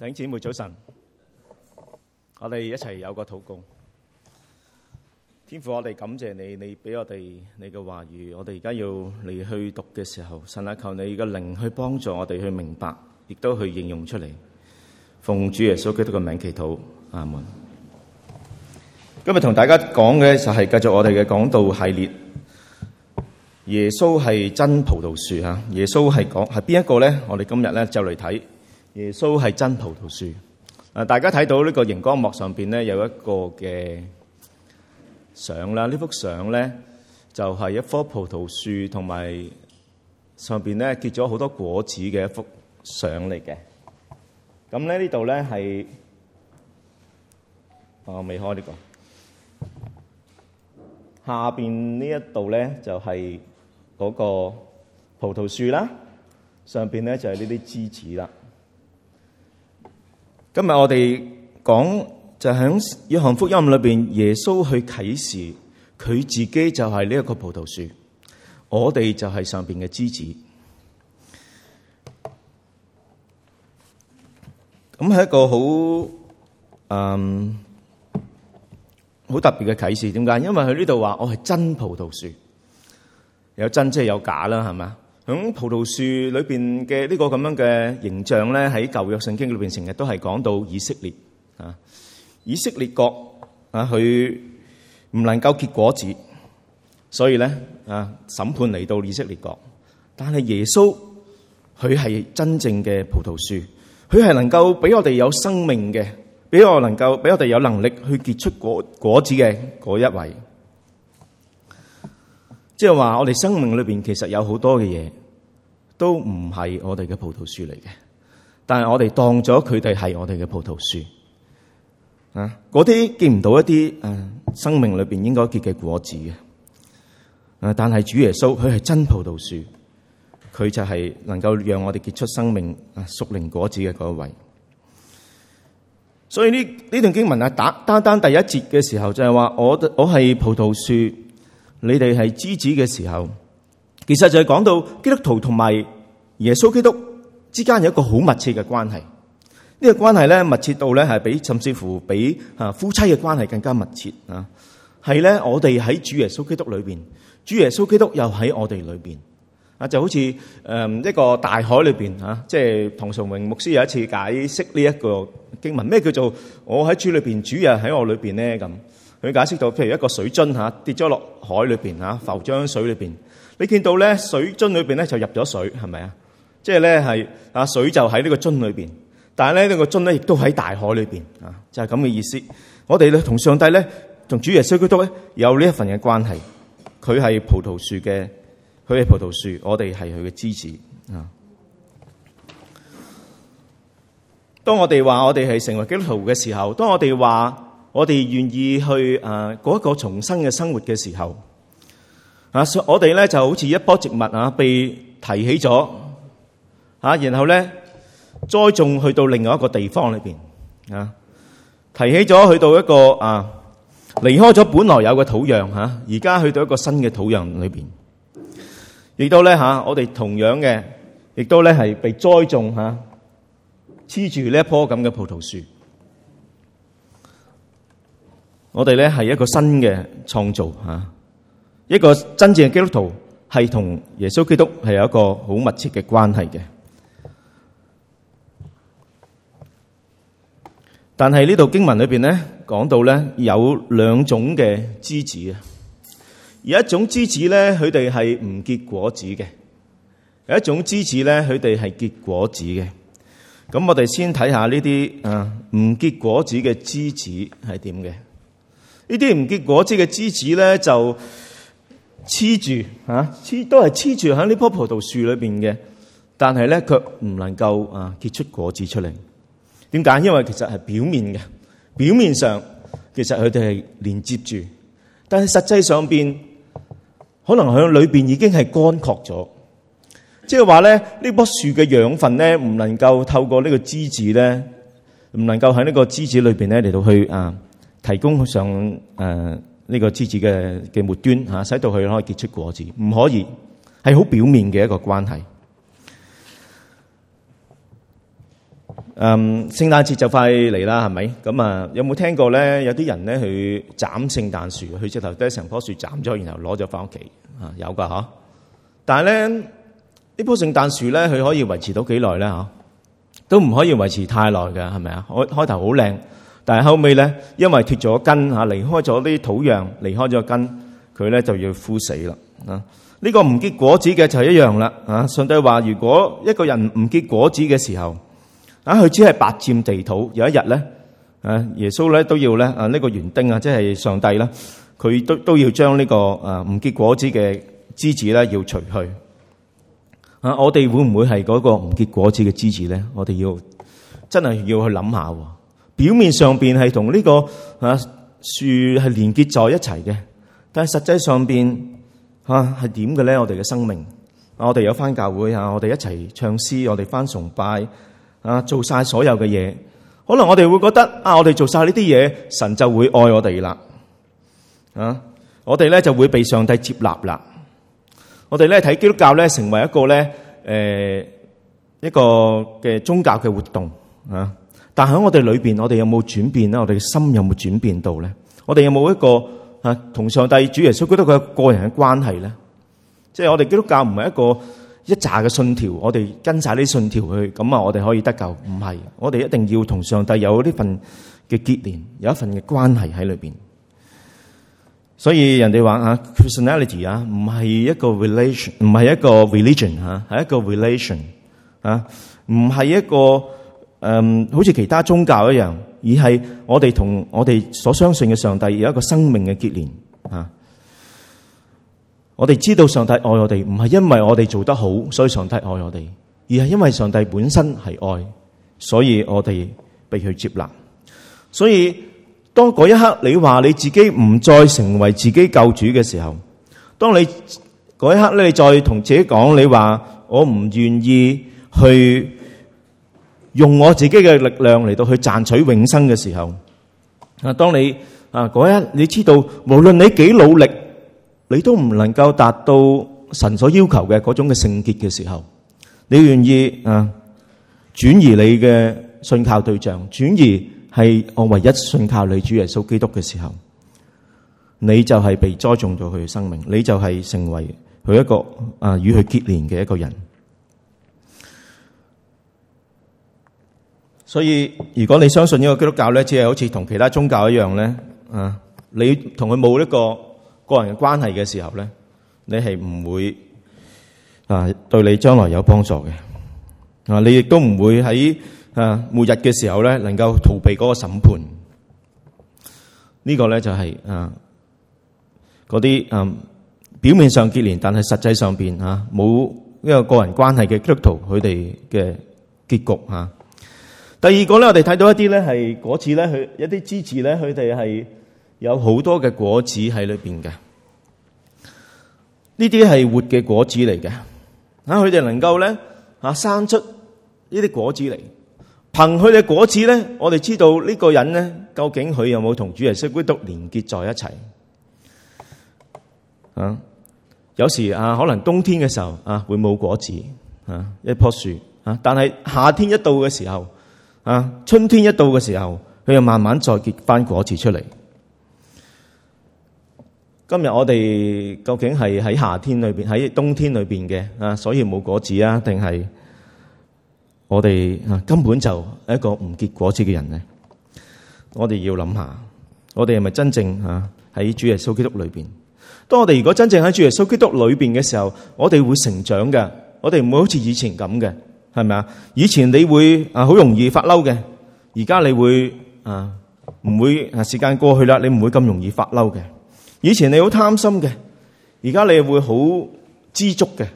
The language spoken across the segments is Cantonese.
弟兄姊妹早晨，我哋一齊有個禱告。天父，我哋感謝你，你俾我哋你嘅話語。我哋而家要你去讀嘅時候，神啊，求你嘅靈去幫助我哋去明白，亦都去應用出嚟。奉主耶穌基督嘅名祈禱，阿門。今日同大家講嘅就係繼續我哋嘅講道系列。耶穌係真葡萄樹。耶穌係講係邊一個咧？我哋今日咧就嚟睇。耶穌係真葡萄樹啊！大家睇到呢個熒光幕上邊咧有一個嘅相啦。啊、這幅呢幅相咧就係、是、一棵葡萄樹，同埋上邊咧結咗好多果子嘅一幅相嚟嘅。咁咧呢度咧係啊，未開、這個、面呢個下邊呢一度咧就係、是、嗰個葡萄樹啦，上邊咧就係呢啲枝子啦。今日我哋講就喺《約翰福音》裏邊，耶穌去啟示佢自己就係呢一個葡萄樹，我哋就係上邊嘅枝子。咁係一個好嗯好特別嘅啟示。點解？因為佢呢度話我係真葡萄樹，有真即係有假啦，係咪？喺葡萄樹裏邊嘅呢個咁樣嘅形象咧，喺舊約聖經裏邊成日都係講到以色列啊，以色列國啊，佢唔能夠結果子，所以咧啊審判嚟到以色列國，但係耶穌佢係真正嘅葡萄樹，佢係能夠俾我哋有生命嘅，俾我能夠俾我哋有能力去結出果果子嘅嗰一位。即係話，我哋生命裏邊其實有好多嘅嘢，都唔係我哋嘅葡萄樹嚟嘅，但係我哋當咗佢哋係我哋嘅葡萄樹，啊，嗰啲見唔到一啲誒、啊、生命裏邊應該結嘅果子嘅，誒、啊，但係主耶穌佢係真葡萄樹，佢就係能夠讓我哋結出生命、啊、熟靈果子嘅嗰一位。所以呢呢段經文啊，單單單第一節嘅時候就係話，我我係葡萄樹。你哋係知子嘅時候，其實就係講到基督徒同埋耶穌基督之間有一個好密切嘅關係。呢個關係咧密切到咧係比甚至乎比啊夫妻嘅關係更加密切啊！係咧我哋喺主耶穌基督裏邊，主耶穌基督又喺我哋裏邊啊！就好似誒一個大海裏邊，即係唐崇榮牧師有一次解釋呢一個經文，咩叫做我喺主裏邊，主又喺我裏邊咧咁。佢解釋到，譬如一個水樽跌咗落海裏邊嚇，浮喺水裏邊，你見到咧水樽裏邊咧就入咗水，係咪啊？即係咧係啊，水就喺呢個樽裏邊，但係咧呢個樽咧亦都喺大海裏邊啊，就係咁嘅意思。我哋咧同上帝咧同主耶穌基督咧有呢一份嘅關係，佢係葡萄樹嘅，佢係葡萄樹，我哋係佢嘅枝子啊。當我哋話我哋係成為基督徒嘅時候，當我哋話。我哋願意去誒、啊、一個重生嘅生活嘅時候，啊！我哋咧就好似一樖植物啊，被提起咗，啊！然後咧栽種去到另外一個地方裏邊啊，提起咗去到一個啊，離開咗本來有嘅土壤嚇，而、啊、家去到一個新嘅土壤裏邊，亦都咧嚇、啊、我哋同樣嘅，亦都咧係被栽種嚇，黐住呢一樖咁嘅葡萄樹。我哋咧係一個新嘅創造吓，一個真正嘅基督徒係同耶穌基督係有一個好密切嘅關係嘅。但係呢度經文裏邊咧講到咧有兩種嘅枝子，而一種枝子咧佢哋係唔結果子嘅，有一種枝子咧佢哋係結果子嘅。咁我哋先睇下呢啲啊唔結果子嘅枝子係點嘅。呢啲唔結果子嘅枝子咧，就黐住嚇，黐、啊、都係黐住喺呢棵葡萄樹裏面嘅。但係咧，佢唔能夠啊結出果子出嚟。點解？因為其實係表面嘅，表面上其實佢哋係連接住，但係實際上邊可能喺裏面已經係乾涸咗。即係話咧，呢棵樹嘅養分咧，唔能夠透過呢個枝子咧，唔能夠喺呢個枝子裏面咧嚟到去啊。提供上誒呢、呃這個枝子嘅嘅末端嚇、啊，使到佢可以結出果子，唔可以係好表面嘅一個關係。嗯，聖誕節就快嚟啦，係咪？咁啊，有冇聽過咧？有啲人咧去斬聖誕樹，佢直頭將成棵樹斬咗，然後攞咗返屋企啊，有㗎嗬。但係咧，呢棵聖誕樹咧，佢可以維持到幾耐咧？嗬、啊，都唔可以維持太耐㗎，係咪啊？開開頭好靚。但係後尾咧，因為脫咗根吓，離開咗啲土壤，離開咗根，佢咧就要枯死啦。啊，呢個唔結果子嘅就係一樣啦。啊，上帝話如果一個人唔結果子嘅時候，啊，佢只係白佔地土。有一日咧，耶穌咧都要咧啊，呢個園丁啊，即係上帝啦，佢都都要將呢個唔結果子嘅枝子咧要除去。啊，我哋會唔會係嗰個唔結果子嘅枝子咧？我哋要真係要去諗下。表面上邊係同呢個吓樹係連結在一齊嘅，但係實際上邊吓係點嘅咧？我哋嘅生命，我哋有返教會吓，我哋一齊唱詩，我哋返崇拜，啊，做晒所有嘅嘢，可能我哋會覺得啊，我哋做晒呢啲嘢，神就會愛我哋啦，啊，我哋咧就會被上帝接納啦。我哋咧睇基督教咧成為一個咧誒一個嘅宗教嘅活動啊。但喺我哋裏邊，我哋有冇轉變咧？我哋嘅心有冇轉變到咧？我哋有冇一個啊，同上帝、主耶穌，覺得佢個人嘅關係咧？即係我哋基督教唔係一個一紮嘅信條，我哋跟晒啲信條去，咁啊，我哋可以得救？唔係，我哋一定要同上帝有呢份嘅結連，有一份嘅關係喺裏邊。所以人哋話啊，personality 啊，唔係、啊、一個 relation，唔、啊、係一個 religion 吓、啊，係一個 relation 啊，唔係一個。嗯，好似其他宗教一樣，而係我哋同我哋所相信嘅上帝有一個生命嘅結連啊！我哋知道上帝愛我哋，唔係因為我哋做得好，所以上帝愛我哋，而係因為上帝本身係愛，所以我哋被佢接納。所以當嗰一刻你話你自己唔再成為自己救主嘅時候，當你嗰一刻咧，你再同自己講你話我唔願意去。用我自己嘅力量嚟到去賺取永生嘅時候，啊，當你啊嗰一，你知道無論你幾努力，你都唔能夠達到神所要求嘅嗰種嘅聖潔嘅時候，你願意啊轉移你嘅信靠對象，轉移係我唯一信靠你主耶穌基督嘅時候，你就係被栽種咗佢嘅生命，你就係成為佢一個啊與佢結連嘅一個人。所以，如果你相信呢個基督教咧，只係好似同其他宗教一樣咧，啊，你同佢冇一個個人關係嘅時候咧，你係唔會啊對你將來有幫助嘅啊。你亦都唔會喺啊末日嘅時候咧，能夠逃避嗰個審判。呢個咧，就係啊嗰啲嗯表面上結連，但係實際上邊啊冇一個個人關係嘅基督徒，佢哋嘅結局啊。第二個咧，我哋睇到一啲咧係果子咧，佢一啲枝子咧，佢哋係有好多嘅果子喺裏面嘅。呢啲係活嘅果子嚟嘅，啊，佢哋能夠咧啊生出呢啲果子嚟。憑佢嘅果子咧，我哋知道呢個人咧究竟佢有冇同主耶穌基督連結在一齊啊。有時啊，可能冬天嘅時候啊會冇果子啊，一樖樹啊，但係夏天一到嘅時候。啊！春天一到嘅時候，佢又慢慢再結翻果子出嚟。今日我哋究竟係喺夏天裏邊，喺冬天裏邊嘅啊？所以冇果子啊，定係我哋啊根本就係一個唔結果子嘅人咧？我哋要諗下，我哋係咪真正啊喺主耶穌基督裏邊？當我哋如果真正喺主耶穌基督裏邊嘅時候，我哋會成長嘅，我哋唔會好似以前咁嘅。係咪啊，啊，啊？以前你會好啊，好容易發嬲嘅。而家你會啊，唔會啊。時間過去啦，你唔會咁容易發嬲嘅。以前你好貪心嘅，而家你會好知足嘅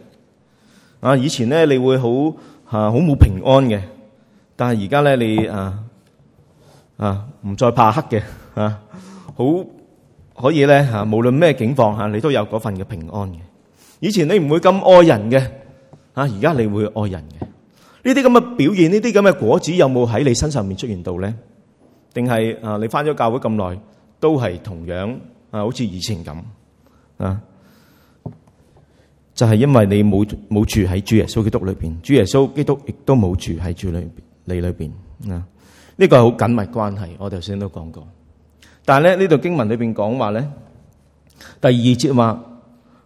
啊。以前咧你會好吓好冇平安嘅，但係而家咧你啊啊唔再怕黑嘅啊，好可以咧吓，無論咩境況吓，你都有嗰份嘅平安嘅。以前你唔會咁愛人嘅啊，而家你會愛人嘅。呢啲咁嘅表現，呢啲咁嘅果子有冇喺你身上面出現到咧？定係啊？你翻咗教會咁耐，都係同樣啊，好似以前咁啊。就係、是，因為你冇冇住喺主耶穌基督裏邊，主耶穌基督亦都冇住喺主裏邊你裏邊啊。呢、這個係好緊密關係，我頭先都講過。但係咧，呢度經文裏邊講話咧，第二節話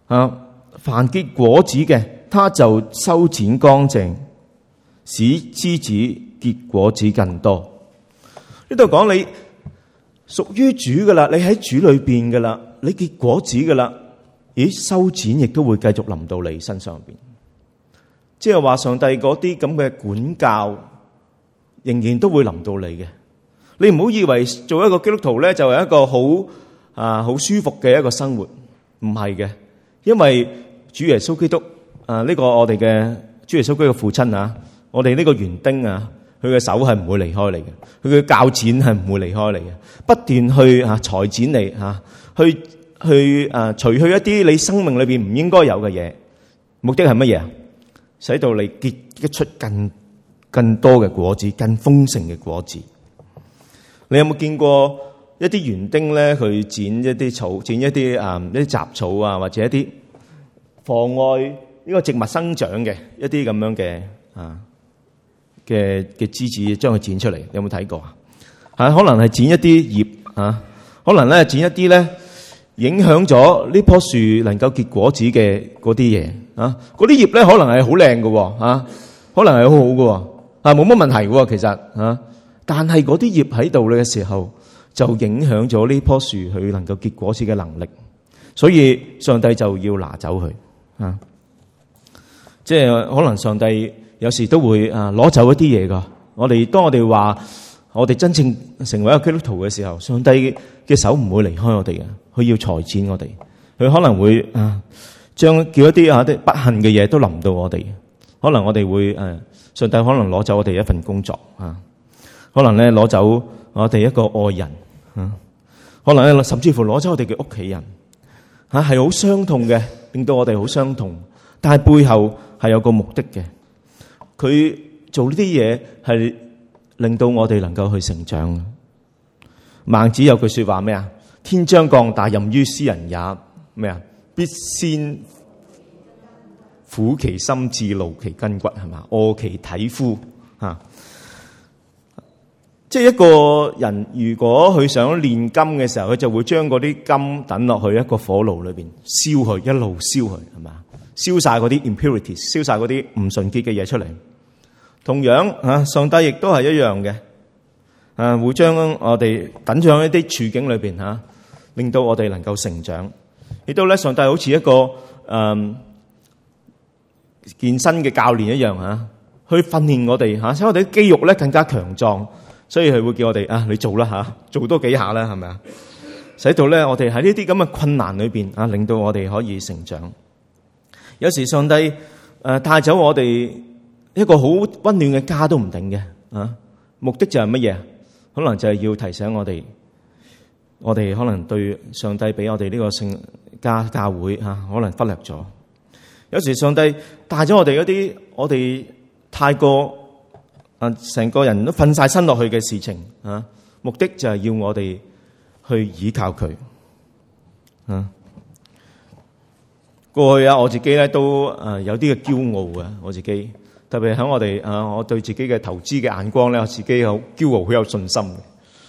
啊，凡結果子嘅，他就修剪乾淨。使枝子結果子更多。呢度講你屬於主噶啦，你喺主裏邊噶啦，你結果子噶啦。咦，收錢亦都會繼續臨到你身上邊，即係話上帝嗰啲咁嘅管教仍然都會臨到你嘅。你唔好以為做一個基督徒咧就係一個好啊好舒服嘅一個生活，唔係嘅，因為主耶穌基督呢、啊呢個我哋嘅主耶穌基督父親啊。我哋呢個園丁啊，佢嘅手係唔會離開你嘅，佢嘅鉸剪係唔會離開你嘅，不斷去吓、啊、裁剪你吓、啊，去去誒、啊、除去一啲你生命裏邊唔應該有嘅嘢。目的係乜嘢啊？使到你結，結出更更多嘅果子，更豐盛嘅果子。你有冇見過一啲園丁咧？佢剪一啲草，剪一啲誒、啊、一啲雜草啊，或者一啲妨礙呢、呢個植物生長嘅一啲咁樣嘅啊？嘅嘅枝子，將佢剪出嚟，你有冇睇過啊？吓，可能係剪一啲葉啊，可能咧剪一啲咧、啊、影響咗呢棵樹能夠結果子嘅嗰啲嘢啊，嗰啲葉咧可能係好靚嘅喎，啊，可能係好好㗎喎，啊，冇乜、啊、問題㗎喎，其、啊、實，但係嗰啲葉喺度嘅時候，就影響咗呢棵樹佢能夠結果子嘅能力，所以上帝就要拿走佢啊，即、就、係、是、可能上帝。有時都會啊，攞走一啲嘢噶。我哋當我哋話我哋真正成為一個基督徒嘅時候，上帝嘅手唔會離開我哋嘅。佢要裁剪我哋，佢可能會啊，將叫一啲啊啲不幸嘅嘢都臨到我哋。可能我哋會誒，上帝可能攞走我哋一份工作啊，可能咧攞走我哋一個愛人啊，可能咧甚至乎攞走我哋嘅屋企人吓，係好傷痛嘅，令到我哋好傷痛。但係背後係有個目的嘅。佢做呢啲嘢係令到我哋能夠去成長。孟子有句說話咩啊？天將降大任於斯人也，咩啊？必先苦其心志，勞其筋骨，係嘛？餓其體膚，嚇，即係一個人，如果佢想煉金嘅時候，佢就會將嗰啲金抌落去一個火爐裏邊燒去，一路燒去，係嘛？燒晒嗰啲 impurities，燒晒嗰啲唔純潔嘅嘢出嚟。同樣吓，上帝亦都係一樣嘅，誒會將我哋等喺一啲處境裏邊吓，令到我哋能夠成長。亦都咧，上帝好似一個誒、嗯、健身嘅教練一樣吓，去訓練我哋吓，使我哋啲肌肉咧更加強壯。所以佢會叫我哋啊，你做啦吓，做多幾下啦，係咪啊？使到咧我哋喺呢啲咁嘅困難裏邊啊，令到我哋可以成長。有時上帝誒帶走我哋一個好溫暖嘅家都唔定嘅啊，目的就係乜嘢？可能就係要提醒我哋，我哋可能對上帝俾我哋呢個聖家教會吓、啊，可能忽略咗。有時上帝帶咗我哋一啲我哋太過、啊、成個人都瞓晒身落去嘅事情啊，目的就係要我哋去倚靠佢啊。過去啊，我自己咧，都誒有啲嘅驕傲嘅，我自己特別喺我哋，我對自己嘅投資嘅眼光咧，我自己好驕傲，好有信心嘅。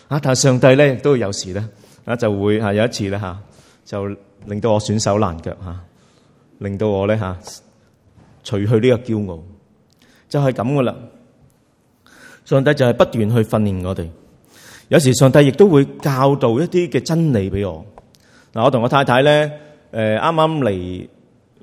啊，但係上帝咧，都有時咧啊，就會有一次咧吓，就令到我損手爛腳吓，令到我咧吓除去呢個驕傲，就係咁噶啦。上帝就係不斷去訓練我哋，有時上帝亦都會教導一啲嘅真理俾我。嗱，我同我太太咧誒啱啱嚟。呃剛剛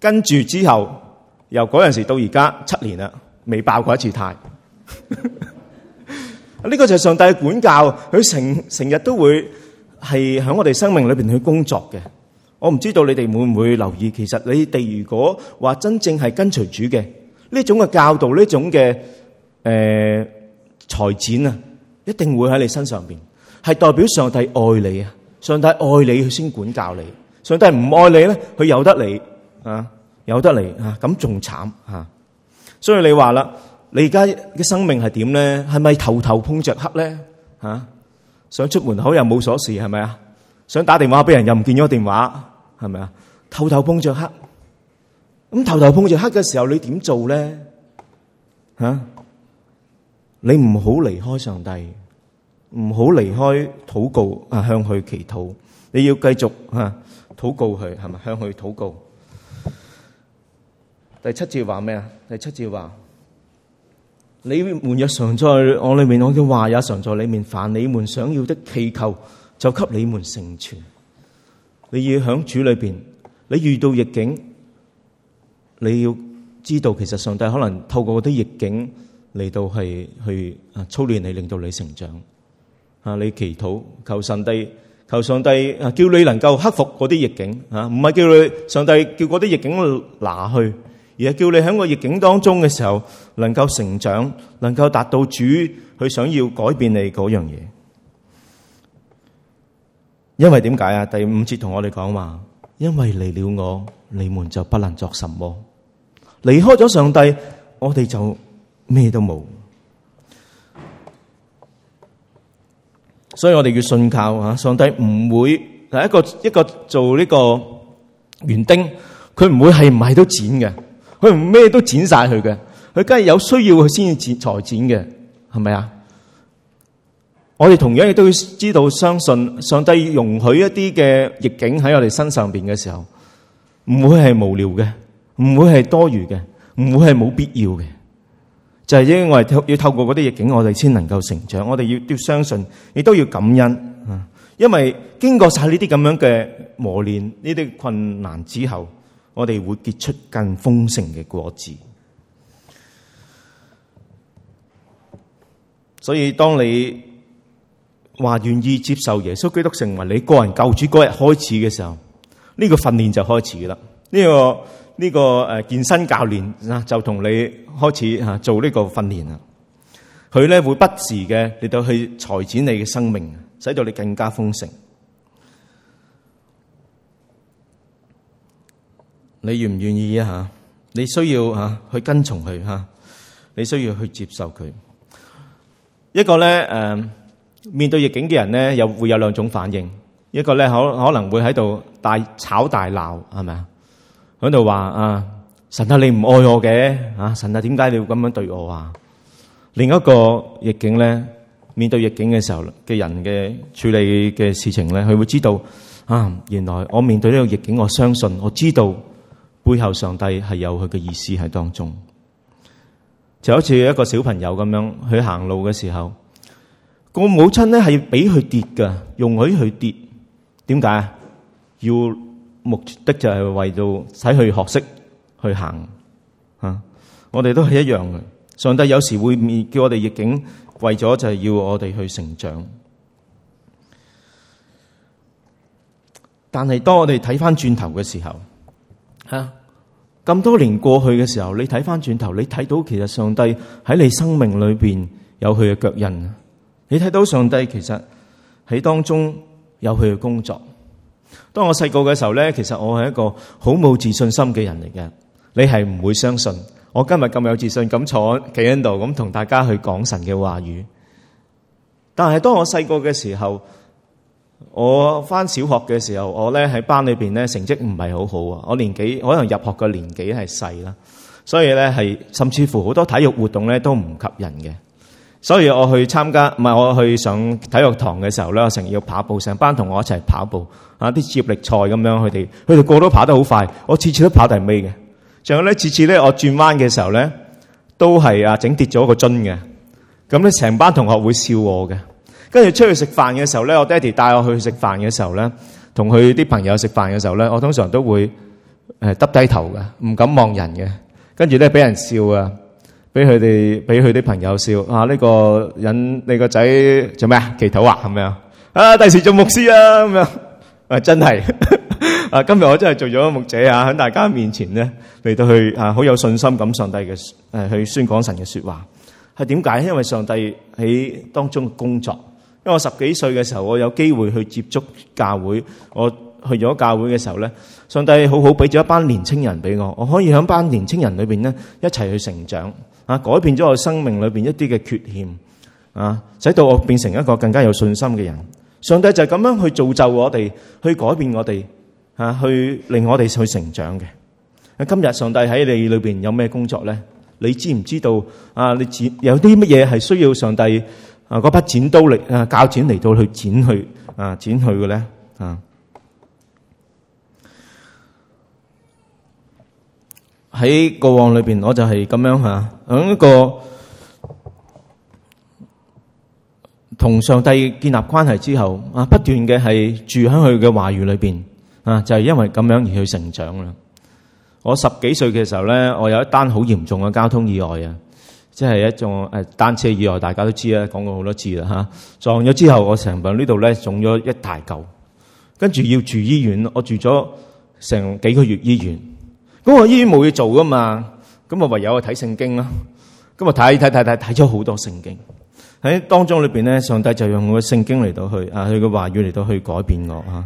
跟住之後，由嗰陣時到而家七年啦，未爆過一次胎。啊，呢個就係上帝嘅管教，佢成成日都會係喺我哋生命裏邊去工作嘅。我唔知道你哋會唔會留意，其實你哋如果話真正係跟隨主嘅呢種嘅教導，呢種嘅誒裁剪啊，一定會喺你身上邊，係代表上帝愛你啊！上帝愛你，佢先管教你。上帝唔愛你咧，佢由得你。啊，有得嚟啊，咁仲慘吓，所以你話啦，你而家嘅生命係點咧？係咪頭頭碰着黑咧？吓，想出門口又冇鎖匙，係咪啊？想打電話俾人又唔見咗電話，係咪啊？頭頭碰着黑，咁頭頭碰着黑嘅時候，你點做咧？吓，你唔好離開上帝，唔好離開禱告啊，向佢祈禱，你要繼續吓禱告佢，係咪向佢禱告？第七節話咩啊？第七節話：你們若常在我裏面，我嘅話也常在裏面。凡你們想要的祈求，就給你們成全。你要響主裏面，你遇到逆境，你要知道其實上帝可能透過嗰啲逆境嚟到係去啊操練你，令到你成長。啊，你祈禱求上帝，求上帝啊，叫你能夠克服嗰啲逆境。嚇，唔係叫你，上帝叫嗰啲逆境拿去。而係叫你喺個逆境當中嘅時候，能夠成長，能夠達到主佢想要改變你嗰樣嘢。因為點解啊？第五節同我哋講，話因為離了我，你們就不能做什麼。離開咗上帝，我哋就咩都冇。所以我哋要信靠啊！上帝唔會係一個一個做呢個園丁，佢唔會係唔係都剪嘅。佢唔咩都剪晒佢嘅，佢梗係有需要佢先至剪裁剪嘅，係咪啊？我哋同樣亦都要知道相信，上帝容許一啲嘅逆境喺我哋身上邊嘅時候，唔會係無聊嘅，唔會係多餘嘅，唔會係冇必要嘅，就係因為要透過嗰啲逆境，我哋先能夠成長。我哋要都要相信，亦都要感恩啊！因為經過晒呢啲咁樣嘅磨練，呢啲困難之後。我哋會結出更豐盛嘅果子，所以當你話願意接受耶穌基督成為你個人救主嗰日開始嘅時候，呢個訓練就開始啦，呢個。呢，呢個呢個誒健身教練啊，就同你開始吓做呢個訓練啦。佢咧會不時嘅嚟到去裁剪你嘅生命，使到你更加豐盛。你願唔願意啊？你需要啊去跟從佢啊，你需要去接受佢。一個咧，誒，面對逆境嘅人咧，又會有兩種反應。一個咧，可可能會喺度大吵大鬧，係咪啊？喺度話啊，神啊，你唔愛我嘅啊，神啊，點解你要咁樣對我啊？另一個逆境咧，面對逆境嘅時候嘅人嘅處理嘅事情咧，佢會知道啊，原來我面對呢個逆境，我相信，我知道。背後上帝係有佢嘅意思喺當中，就好似一個小朋友咁樣，佢行路嘅時候，個母親咧係俾佢跌嘅，容許佢跌，點解啊？要目的就係為到使佢學識去行，啊，我哋都係一樣嘅。上帝有時會叫我哋逆境，為咗就係要我哋去成長。但係當我哋睇翻轉頭嘅時候，係啊，咁多年過去嘅時候，你睇翻轉頭，你睇到其實上帝喺你生命裏邊有佢嘅腳印。你睇到上帝其實喺當中有佢嘅工作。當我細個嘅時候咧，其實我係一個好冇自信心嘅人嚟嘅。你係唔會相信我今日咁有自信咁坐企喺度，咁同大家去講神嘅話語。但係當我細個嘅時候。我翻小學嘅時候，我咧喺班裏邊咧成績唔係好好啊。我年紀我可能入學嘅年紀係細啦，所以咧係甚至乎好多體育活動咧都唔及人嘅。所以我去參加，唔係我去上體育堂嘅時候咧，我成日要跑步。成班同學一齊跑步啊，啲接力賽咁樣，佢哋佢哋個個都跑得好快，我次次都跑第尾嘅。仲有咧，次次咧我轉彎嘅時候咧，都係啊整跌咗個樽嘅。咁咧成班同學會笑我嘅。跟住出去食飯嘅時候咧，我爹哋帶我去食飯嘅時候咧，同佢啲朋友食飯嘅時候咧，我通常都會誒耷低頭嘅，唔敢望人嘅。跟住咧俾人笑啊，俾佢哋俾佢啲朋友笑啊。呢個人，你個仔做咩啊？祈禱啊，係咪啊？啊，第時做牧師啊，咁樣啊，真係啊。今日我真係做咗個牧者啊，喺大家面前咧嚟到去啊，好有信心咁，上帝嘅誒去宣講神嘅說話係點解？因為上帝喺當中嘅工作。因為我十幾歲嘅時候，我有機會去接觸教會。我去咗教會嘅時候咧，上帝好好俾咗一班年青人俾我，我可以喺班年青人裏邊咧一齊去成長，啊，改變咗我生命裏邊一啲嘅缺陷，啊，使到我變成一個更加有信心嘅人。上帝就係咁樣去造就我哋，去改變我哋，吓，去令我哋去成長嘅。今日上帝喺你裏邊有咩工作咧？你知唔知道啊？你有啲乜嘢係需要上帝？啊！嗰把剪刀嚟啊，教剪嚟到去剪去啊，剪去嘅咧啊！喺過往裏邊，我就係咁樣吓，喺、啊、一個同上帝建立關係之後啊，不斷嘅係住喺佢嘅話語裏邊啊，就係因為咁樣而去成長啦。我十幾歲嘅時候咧，我有一單好嚴重嘅交通意外啊！即係一種誒單車意外，大家都知啦，講過好多次啦嚇。撞咗之後，我成份呢度咧腫咗一大嚿，跟住要住醫院，我住咗成幾個月醫院。咁我醫院冇嘢做噶嘛，咁我唯有去睇聖經啦、啊。咁我睇睇睇睇睇咗好多聖經喺當中裏邊咧，上帝就用我嘅聖經嚟到去啊，佢嘅話語嚟到去改變我、啊、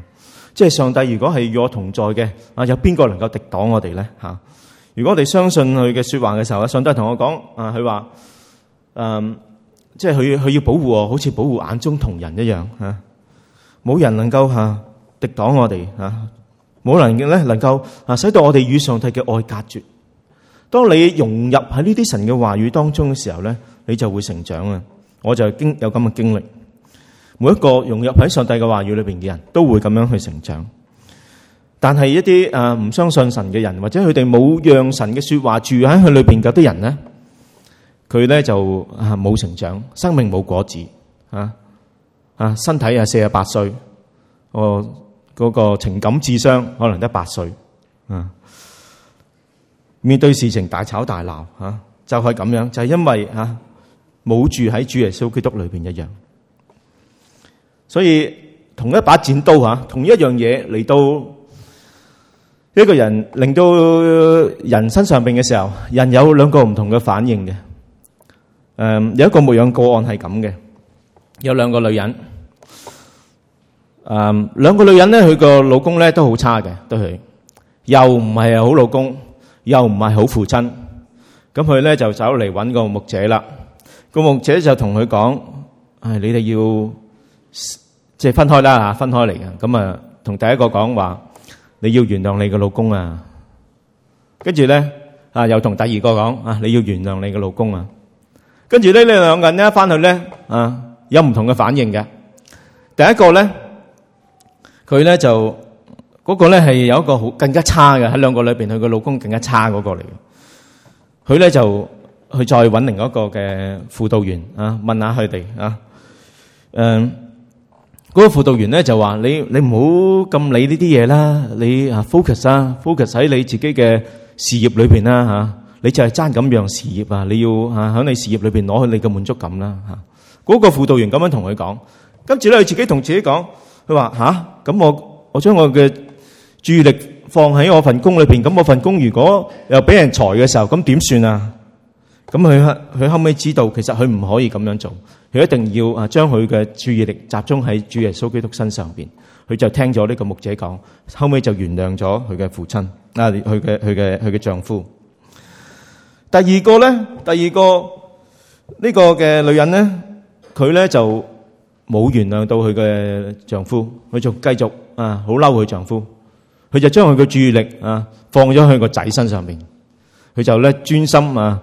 即係上帝如果係與我同在嘅，啊有邊個能夠敵擋我哋咧嚇？啊。如果我哋相信佢嘅說話嘅時候，上帝同我講，啊，佢話、嗯，即係佢佢要保護我，好似保護眼中瞳人一樣吓，冇、啊、人能夠吓、啊、抵擋我哋吓，冇能咧能夠啊，使到我哋與上帝嘅愛隔絕。當你融入喺呢啲神嘅話語當中嘅時候咧，你就會成長啊！我就經有咁嘅經歷，每一個融入喺上帝嘅話語裏邊嘅人都會咁樣去成長。但係一啲誒唔相信神嘅人，或者佢哋冇讓神嘅說話住喺佢裏邊嘅啲人咧，佢咧就冇成長，生命冇果子啊啊，身體啊四十八歲，我嗰個情感智商可能得八歲啊。面對事情大吵大鬧啊，就係咁樣，就係因為啊冇住喺主耶穌基督裏邊一樣，所以同一把剪刀啊，同一樣嘢嚟到。呢一個人令到人身上邊嘅時候，人有兩個唔同嘅反應嘅。誒，有一個牧養個案係咁嘅，有兩個女人。誒，兩個女人咧，佢個老公咧都好差嘅，對佢又唔係好老公，又唔係好父親。咁佢咧就走嚟搵個牧者啦。個牧者就同佢講，誒，你哋要即係分開啦，吓，分開嚟嘅。咁啊，同第一個講話。你要原諒你嘅老公啊，跟住咧啊，又同第二個講啊，你要原諒你嘅老公啊，跟住呢，呢兩個人呢翻去咧啊，有唔同嘅反應嘅。第一個咧，佢咧就嗰個咧係有一個好更加差嘅喺兩個裏邊，佢嘅老公更加差嗰個嚟嘅。佢咧就去再揾另外一個嘅輔導員啊，問下佢哋啊，嗯。嗰個輔導員咧就話：你你唔好咁理呢啲嘢啦，你啊 focus 啊 focus 喺你自己嘅事業裏邊啦嚇。你就係爭咁樣事業啊，你要啊喺你事業裏邊攞去你嘅滿足感啦嚇。嗰個輔導員咁樣同佢講，跟住咧佢自己同自己講，佢話嚇，咁我我將我嘅注意力放喺我份工裏邊，咁我份工如果又俾人裁嘅時候，咁點算啊？咁佢佢後屘知道，其實佢唔可以咁樣做，佢一定要啊將佢嘅注意力集中喺主耶穌基督身上邊。佢就聽咗呢個牧者講，後屘就原諒咗佢嘅父親啊，佢嘅佢嘅佢嘅丈夫。第二個咧，第二個呢個嘅女人咧，佢咧就冇原諒到佢嘅丈夫，佢就繼續啊好嬲佢丈夫，佢就將佢嘅注意力啊放咗佢個仔身上邊，佢就咧專心啊。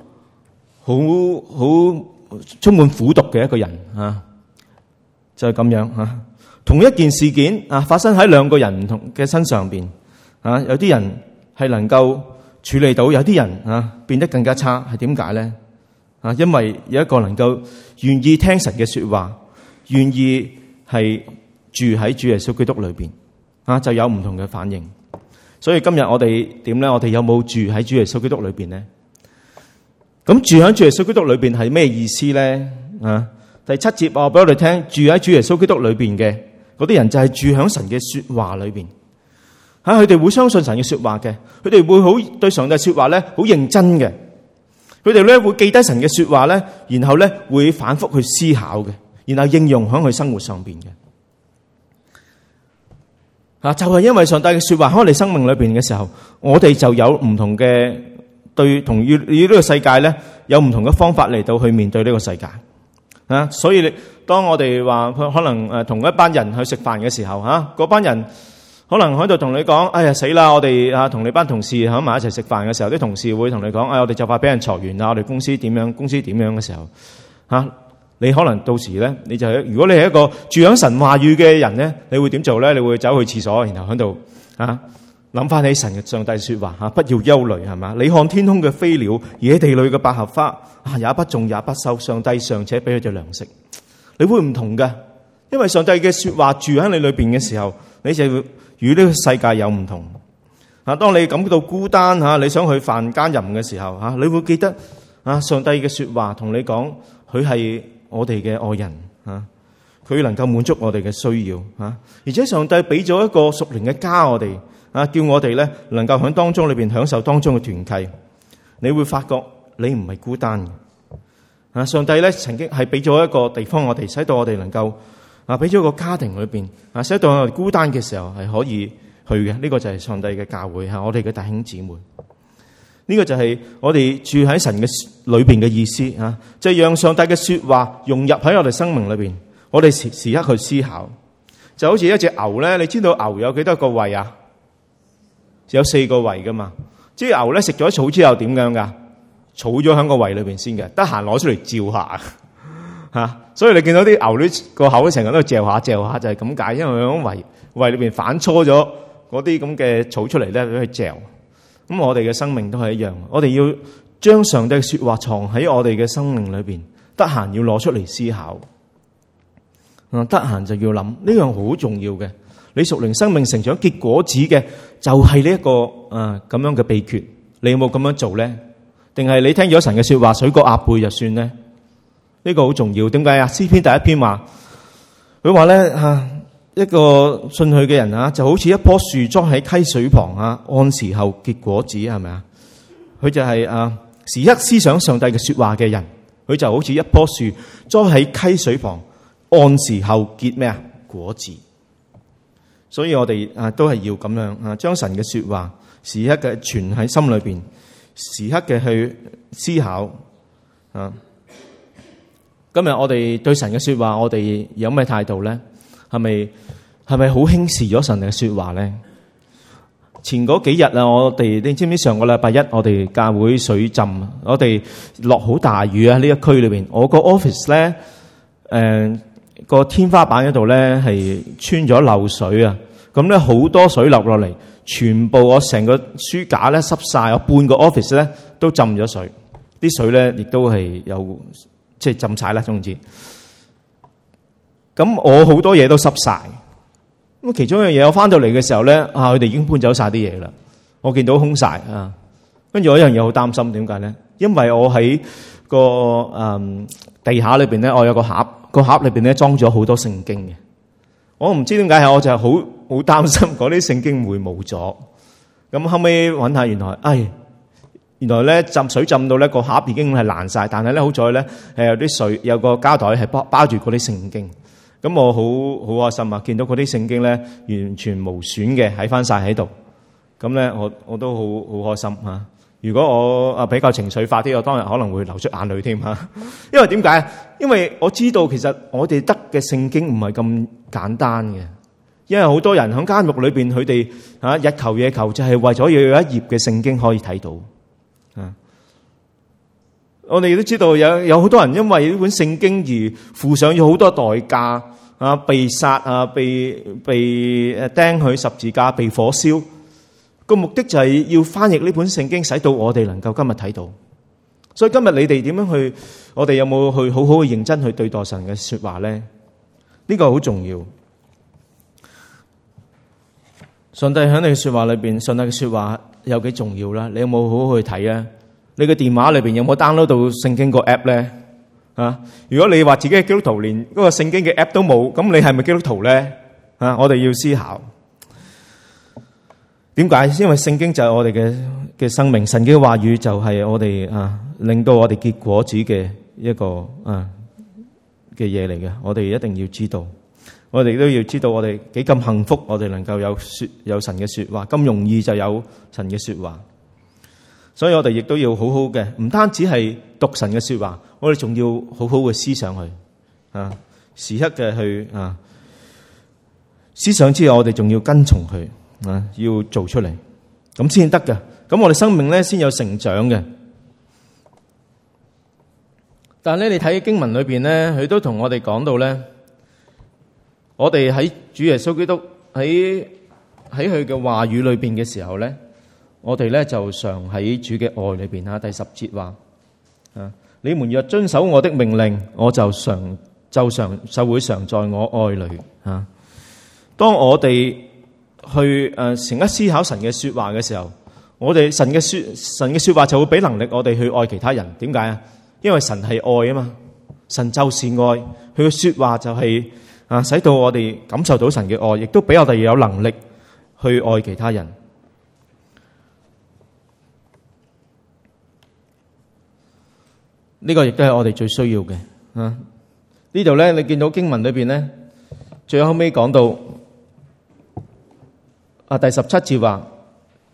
好好充滿苦毒嘅一個人啊，就係咁樣吓。同一件事件啊，發生喺兩個人唔同嘅身上邊啊，有啲人係能夠處理到，有啲人啊變得更加差，係點解咧？啊，因為有一個能夠願意聽神嘅說話，願意係住喺主耶穌基督裏邊啊，就有唔同嘅反應。所以今日我哋點咧？我哋有冇住喺主耶穌基督裏邊咧？咁住喺主耶穌基督裏邊係咩意思咧？啊，第七節話俾我哋聽，住喺主耶穌基督裏邊嘅嗰啲人就係住喺神嘅說話裏邊。吓，佢哋會相信神嘅說話嘅，佢哋會好對上帝說話咧，好認真嘅。佢哋咧會記低神嘅說話咧，然後咧會反復去思考嘅，然後應用喺佢生活上邊嘅。吓，就係因為上帝嘅說話喺我哋生命裏邊嘅時候，我哋就有唔同嘅。對，同要以呢個世界咧，有唔同嘅方法嚟到去面對呢個世界啊！所以你當我哋話可能誒同一班人去食飯嘅時候，嚇嗰班人可能喺度同你講：哎呀死啦！我哋啊同你班同事喺埋一齊食飯嘅時候，啲同事會同你講：啊我哋就快俾人裁員啦！我哋公司點樣？公司點樣嘅時候嚇？你可能到時咧，你就係如果你係一個住喺神話語嘅人咧，你會點做咧？你會走去廁所，然後喺度啊？諗翻起神嘅上帝說話吓，不要憂慮係嘛？你看天空嘅飛鳥、野地裏嘅百合花啊，也不種也不收，上帝尚且俾佢哋糧食，你會唔同噶？因為上帝嘅說話住喺你裏邊嘅時候，你就會與呢個世界有唔同啊。當你感覺到孤單吓，你想去犯姦淫嘅時候吓，你會記得啊，上帝嘅說話同你講，佢係我哋嘅愛人啊，佢能夠滿足我哋嘅需要啊。而且上帝俾咗一個屬靈嘅家我哋。啊！叫我哋咧，能夠喺當中裏邊享受當中嘅團契，你會發覺你唔係孤單嘅。啊！上帝咧，曾經係俾咗一個地方我哋，使到我哋能夠啊俾咗個家庭裏邊啊，使到我哋孤單嘅時候係可以去嘅。呢個就係上帝嘅教會，係我哋嘅弟兄姊妹。呢個就係我哋住喺神嘅裏邊嘅意思啊！即係讓上帝嘅說話融入喺我哋生命裏邊，我哋時時刻去思考，就好似一隻牛咧。你知道牛有幾多個胃啊？有四個胃噶嘛？即係牛咧，食咗草之後點樣噶？草咗喺個胃裏邊先嘅，得閒攞出嚟嚼下，吓！所以你見到啲牛呢個口成日都嚼下嚼下，就係咁解，因為佢響胃胃裏邊反芻咗嗰啲咁嘅草出嚟咧，去嚼。咁我哋嘅生命都係一樣，我哋要將上帝說話藏喺我哋嘅生命裏邊，得閒要攞出嚟思考。得閒、啊、就要諗，呢樣好重要嘅。你屬靈生命成長結果子嘅，就係呢一個啊咁樣嘅秘訣。你有冇咁樣做咧？定係你聽咗神嘅說話水過鴨背就算咧？呢、這個好重要。點解啊？詩篇第一篇話，佢話咧一個信佢嘅人啊，就好似一棵樹栽喺溪水旁啊，按時候結果子係咪啊？佢就係啊，時刻思想上帝嘅說話嘅人，佢就好似一棵樹栽喺溪水旁。按時候結咩啊果子，所以我哋啊都係要咁樣啊，將神嘅說話時刻嘅存喺心裏邊，時刻嘅去思考啊。今日我哋對神嘅說話，我哋有咩態度咧？係咪係咪好輕視咗神嘅說話咧？前嗰幾日啊，我哋你知唔知上個禮拜一我哋教會水浸，我哋落好大雨啊！呢一區裏邊，我個 office 咧誒。呃個天花板嗰度咧係穿咗漏水啊！咁咧好多水流落嚟，全部我成個書架咧濕晒，我半個 office 咧都浸咗水，啲水咧亦都係有即係浸晒啦，總之，咁我好多嘢都濕晒。咁其中一樣嘢我翻到嚟嘅時候咧，啊佢哋已經搬走晒啲嘢啦，我見到空晒啊。跟住有一樣嘢好擔心，點解咧？因為我喺個誒地下裏邊咧，我有個盒。個盒裏邊咧裝咗好多聖經嘅，我唔知點解，我就係好好擔心嗰啲聖經會冇咗。咁後尾揾下，原來，哎，原來咧浸水浸到咧個盒已經係爛晒，但係咧好在咧，誒有啲水有個膠袋係包包住嗰啲聖經。咁我好好開心啊！見到嗰啲聖經咧完全無損嘅，喺翻晒喺度。咁咧我我都好好開心啊！如果我啊，比較情緒化啲，我當日可能會流出眼淚添吓。因為點解？因為我知道其實我哋得嘅聖經唔係咁簡單嘅。因為好多人喺監獄裏邊，佢哋啊，日求夜求，就係為咗要有一頁嘅聖經可以睇到。啊，我哋都知道有有好多人因為呢本聖經而付上咗好多代價啊，被殺啊，被被釘喺十字架，被火燒。個目的就係要翻譯呢本聖經，使到我哋能夠今日睇到。所以今日你哋點樣去？我哋有冇去好好去認真去對待神嘅說話咧？呢個好重要。上帝響你嘅說話裏邊，上帝嘅說話有幾重要啦？你有冇好好去睇啊？你嘅電話裏邊有冇 download 到聖經個 app 咧？啊，如果你話自己係基督徒，連嗰個聖經嘅 app 都冇，咁你係咪基督徒咧？啊，我哋要思考。點解？因為聖經就係我哋嘅嘅生命，神嘅話語就係我哋啊，令到我哋結果子嘅一個啊嘅嘢嚟嘅。我哋一定要知道，我哋都要知道我哋幾咁幸福，我哋能夠有說有神嘅說話，咁容易就有神嘅說話。所以我哋亦都要好好嘅，唔單止係讀神嘅說話，我哋仲要好好嘅思想佢啊，時刻嘅去啊思想之後，我哋仲要跟從佢。啊，要做出嚟，咁先得㗎。咁我哋生命咧，先有成長嘅。但係咧，你睇經文裏邊咧，佢都同我哋講到咧，我哋喺主耶穌基督喺喺佢嘅話語裏邊嘅時候咧，我哋咧就常喺主嘅愛裏邊啊。第十節話：啊，你們若遵守我的命令，我就常就常就會常在我愛裏啊。當我哋。去誒、呃，成日思考神嘅說話嘅時候，我哋神嘅說神嘅說話就會俾能力我哋去愛其他人。點解啊？因為神係愛啊嘛，神就是愛，佢嘅說話就係、是、啊、呃，使到我哋感受到神嘅愛，亦都俾我哋有能力去愛其他人。呢、這個亦都係我哋最需要嘅啊！這裏呢度咧，你見到經文裏邊咧，最後尾講到。啊！第十七節話，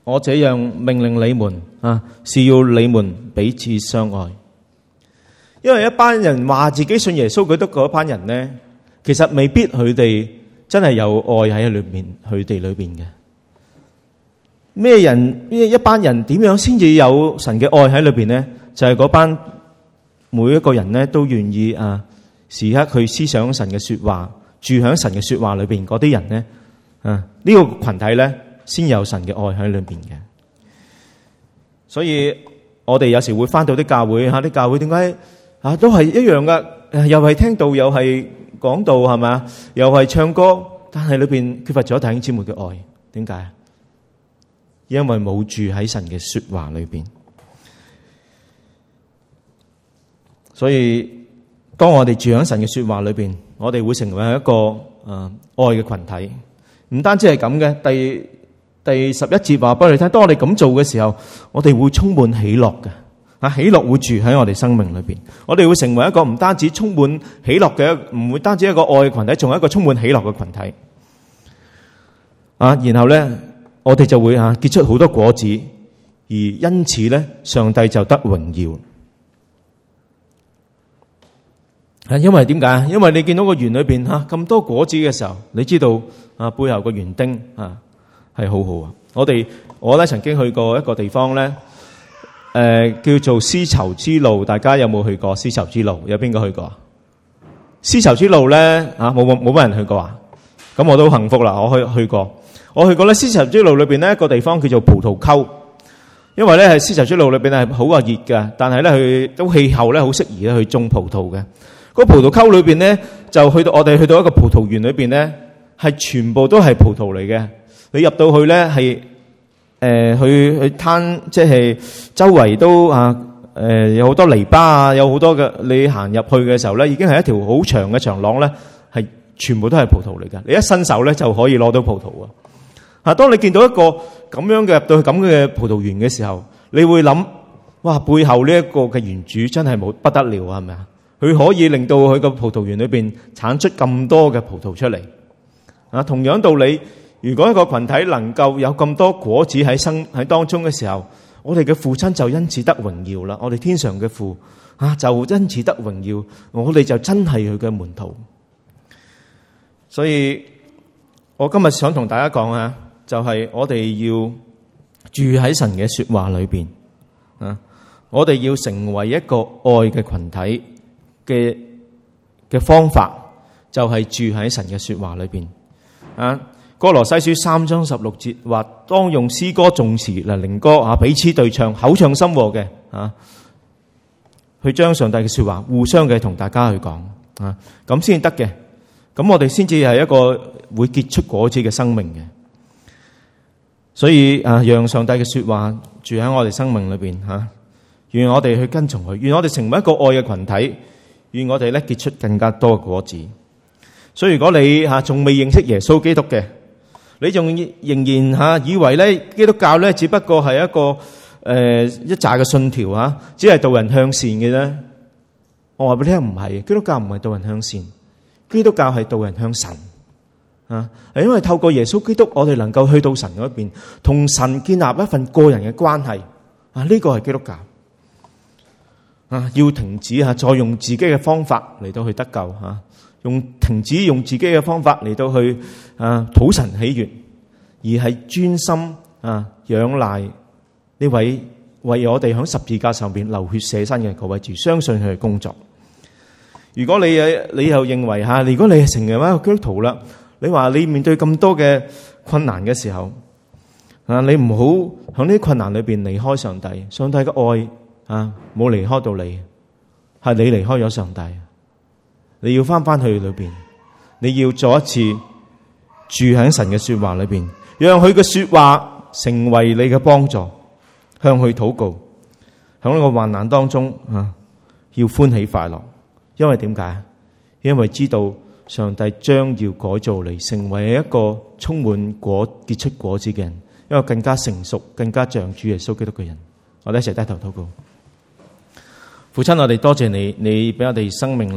我這樣命令你們啊，是要你們彼此相愛。因為一班人話自己信耶穌，佢得嗰一班人咧，其實未必佢哋真係有愛喺裏面。佢哋裏邊嘅咩人？一班人？點樣先至有神嘅愛喺裏邊咧？就係嗰班每一個人咧，都願意啊，時刻去思想神嘅說話，住響神嘅說話裏邊嗰啲人咧。嗯，呢個群體咧，先有神嘅愛喺裏邊嘅。所以我哋有時會翻到啲教會吓，啲教會點解啊？都係一樣噶，又係聽道，又係講道，係咪？又係唱歌，但係裏邊缺乏咗弟兄姊妹嘅愛，點解啊？因為冇住喺神嘅說話裏邊。所以當我哋住喺神嘅說話裏邊，我哋會成為一個誒、呃、愛嘅群體。唔單止係咁嘅，第第十一節話俾你聽，當我哋咁做嘅時候，我哋會充滿喜樂嘅，啊喜樂會住喺我哋生命裏邊，我哋會成為一個唔單止充滿喜樂嘅，唔會單止一個愛嘅群體，仲係一個充滿喜樂嘅群體。啊，然後咧，我哋就會啊結出好多果子，而因此咧，上帝就得榮耀。啊，因為點解啊？因為你見到個園裏邊吓咁多果子嘅時候，你知道啊背後個園丁啊係好好啊！我哋我咧曾經去過一個地方咧，誒叫做絲綢之路。大家有冇去過絲綢之路？有邊個去過？絲綢之路咧啊，冇冇冇乜人去過啊？咁我都幸福啦，我去去過。我去過咧絲綢之路裏邊咧一個地方叫做葡萄溝，因為咧係絲綢之路裏邊係好啊熱嘅，但係咧佢都氣候咧好適宜咧去種葡萄嘅。個葡萄溝裏面咧，就去到我哋去到一個葡萄園裏面咧，係全部都係葡萄嚟嘅。你入到去咧係誒去去攤，即係周圍都啊、呃、有好多泥巴啊，有好多嘅。你行入去嘅時候咧，已經係一條好長嘅長廊咧，係全部都係葡萄嚟嘅。你一伸手咧就可以攞到葡萄啊。當你見到一個咁樣嘅入到去咁嘅葡萄園嘅時候，你會諗哇，背後呢一個嘅園主真係冇不得了啊，係咪啊？佢可以令到佢個葡萄園裏邊產出咁多嘅葡萄出嚟啊！同樣道理，如果一個群體能夠有咁多果子喺生喺當中嘅時候，我哋嘅父親就因此得榮耀啦！我哋天上嘅父啊，就因此得榮耀，我哋就真係佢嘅門徒。所以我今日想同大家講啊，就係我哋要住喺神嘅說話裏邊啊，我哋要成為一個愛嘅群體。嘅嘅方法就係住喺神嘅說話裏邊啊，哥羅西書三章十六節話，當用詩歌頌詞嚟，靈歌啊，彼此對唱，口唱心和嘅啊，去將上帝嘅說話互相嘅同大家去講啊，咁先得嘅，咁我哋先至係一個會結出果子嘅生命嘅，所以啊，讓上帝嘅說話住喺我哋生命裏邊吓，願我哋去跟從佢，願我哋成為一個愛嘅群體。願我哋咧結出更加多果子。所以如果你吓仲未認識耶穌基督嘅，你仲仍然吓以為咧基督教咧只不過係一個誒一紮嘅信條吓，只係導人向善嘅咧。我話俾你聽唔係，基督教唔係導人向善，基督教係導人向神啊。係因為透過耶穌基督，我哋能夠去到神嗰邊，同神建立一份個人嘅關係啊。呢個係基督教。啊！要停止啊！再用自己嘅方法嚟到去得救吓，用停止用自己嘅方法嚟到去啊討神喜悅，而係專心啊仰賴呢位為我哋響十字架上面流血捨身嘅救主，相信佢嘅工作。如果你啊，你又認為吓，如果你係成為咗基督徒啦，你話你面對咁多嘅困難嘅時候，啊你唔好響呢困難裏邊離開上帝，上帝嘅愛。啊！冇離開到你，係你離開咗上帝。你要返返去裏邊，你要再一次住喺神嘅說話裏邊，讓佢嘅說話成為你嘅幫助，向佢禱告。響呢個患難當中啊，要歡喜快樂，因為點解？因為知道上帝將要改造你，成為一個充滿果、結出果子嘅人，一個更加成熟、更加像主耶穌基督嘅人。我哋一齊低頭禱告。父親，我哋多謝你，你畀我哋生命。